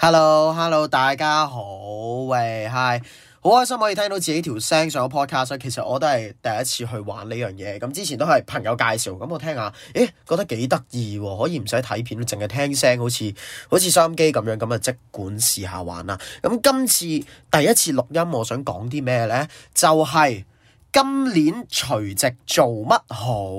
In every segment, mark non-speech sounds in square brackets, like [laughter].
Hello，Hello，Hello，大家好，喂，嗨，好開心可以聽到自己條聲上個 Podcast，其實我都係第一次去玩呢樣嘢，咁之前都係朋友介紹，咁我聽下，誒，覺得幾得意，可以唔使睇片，淨係聽聲，好似好似收音機咁樣，咁啊，即管試下玩啦。咁今次第一次錄音，我想講啲咩呢？就係、是、今年除夕做乜好？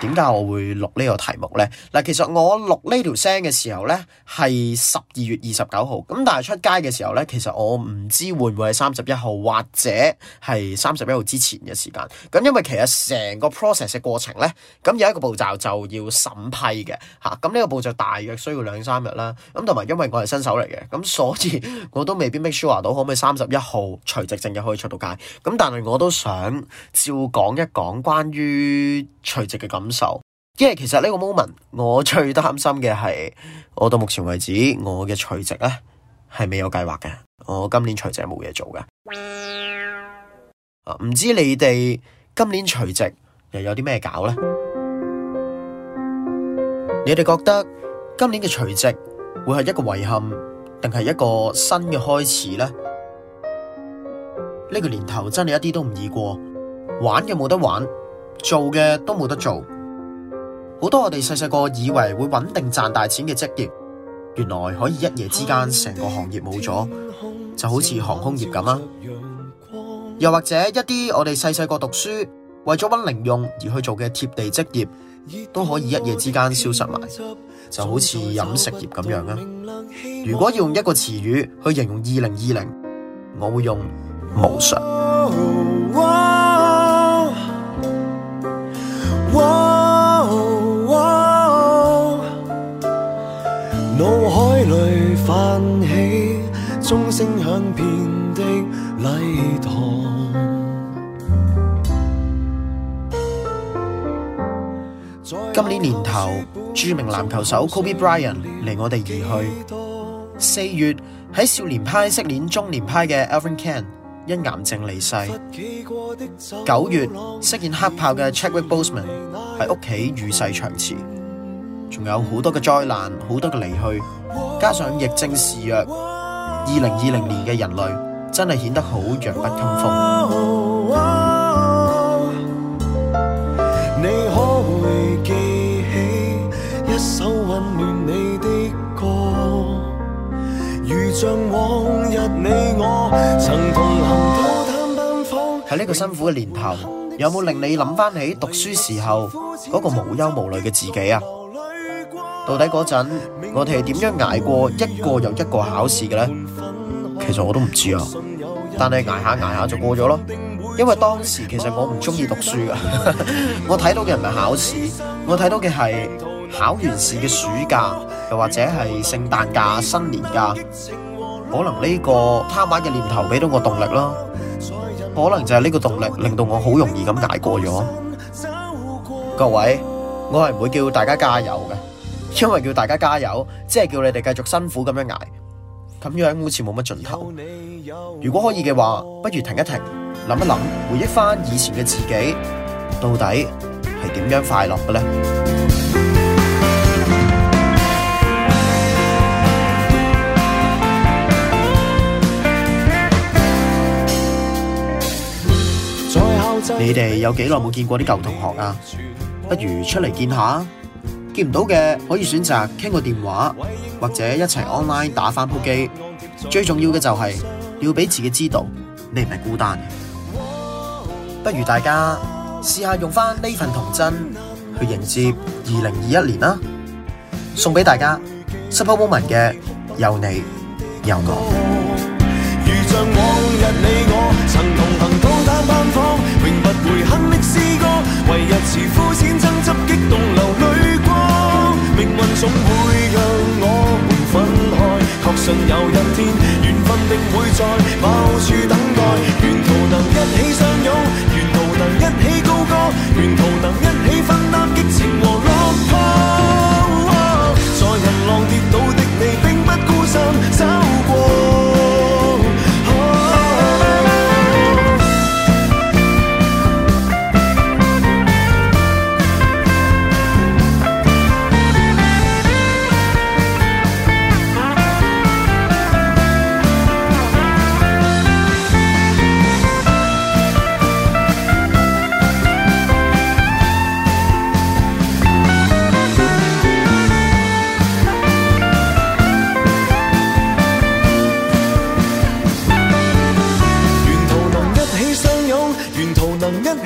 點解我會錄呢個題目呢？嗱，其實我錄呢條聲嘅時候呢，係十二月二十九號咁。但係出街嘅時候呢，其實我唔知會唔會係三十一號，或者係三十一號之前嘅時間咁。因為其實成個 process 嘅過程呢，咁有一個步驟就要審批嘅嚇。咁、啊、呢個步驟大約需要兩三日啦。咁同埋因為我係新手嚟嘅，咁所以我都未必 make sure 到可唔可以三十一號除夕正日可以出到街。咁但係我都想照講一講關於除夕嘅感受，因、yeah, 為其實呢個 moment 我最擔心嘅係我到目前為止我嘅除夕咧，係未有計劃嘅，我今年除夕冇嘢做嘅。唔、啊、知你哋今年除夕又有啲咩搞咧？你哋覺得今年嘅除夕會係一個遺憾，定係一個新嘅開始咧？呢、這個年頭真係一啲都唔易過，玩有冇得玩，做嘅都冇得做，好多我哋細細個以為會穩定賺大錢嘅職業，原來可以一夜之間成個行業冇咗，就好似航空業咁啊。又或者一啲我哋細細個讀書為咗搵零用而去做嘅貼地職業，都可以一夜之間消失埋，就好似飲食業咁樣啊。如果要用一個詞語去形容二零二零，我會用無常。今年年頭，著名籃球手 Kobe Bryant 離我哋而去。四月喺少年派飾演中年派嘅 Irrfan Khan 因癌症離世。九月飾演黑豹嘅 Chadwick Boseman 喺屋企與世長辭。仲有好多嘅災難，好多嘅離去，加上疫症肆虐，二零二零年嘅人類，真係顯得好弱不禁風。喺呢個辛苦嘅年頭，有冇令你諗翻起讀書時候嗰個無憂無慮嘅自己啊？到底嗰陣我哋係點樣捱過一個又一個考試嘅呢？其實我都唔知啊，但係捱下捱下就過咗咯。因為當時其實我唔中意讀書噶， [laughs] 我睇到嘅唔係考試，我睇到嘅係考完試嘅暑假，又或者係聖誕假、新年假。可能呢個貪玩嘅念頭俾到我動力咯，可能就係呢個動力令到我好容易咁捱過咗。各位，我係唔會叫大家加油嘅，因為叫大家加油，即係叫你哋繼續辛苦咁樣捱。咁樣好似冇乜盡頭。如果可以嘅話，不如停一停，諗一諗，回憶翻以前嘅自己，到底係點樣快樂嘅咧？你哋有幾耐冇見過啲舊同學啊？不如出嚟見下。見唔到嘅可以選擇傾個電話，或者一齊 online 打翻部機。最重要嘅就係、是、要俾自己知道你唔係孤單。不如大家試下用翻呢份童真去迎接二零二一年啦！送俾大家《Superwoman》嘅有你有我。如像往日你我命運總會讓我。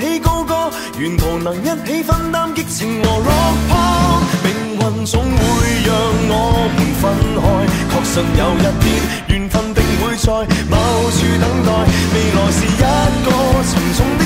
起高歌，沿途能一起分擔激情和落魄。命運總會讓我們分開。確信有一天，緣分定會在某處等待。未來是一個沉重的。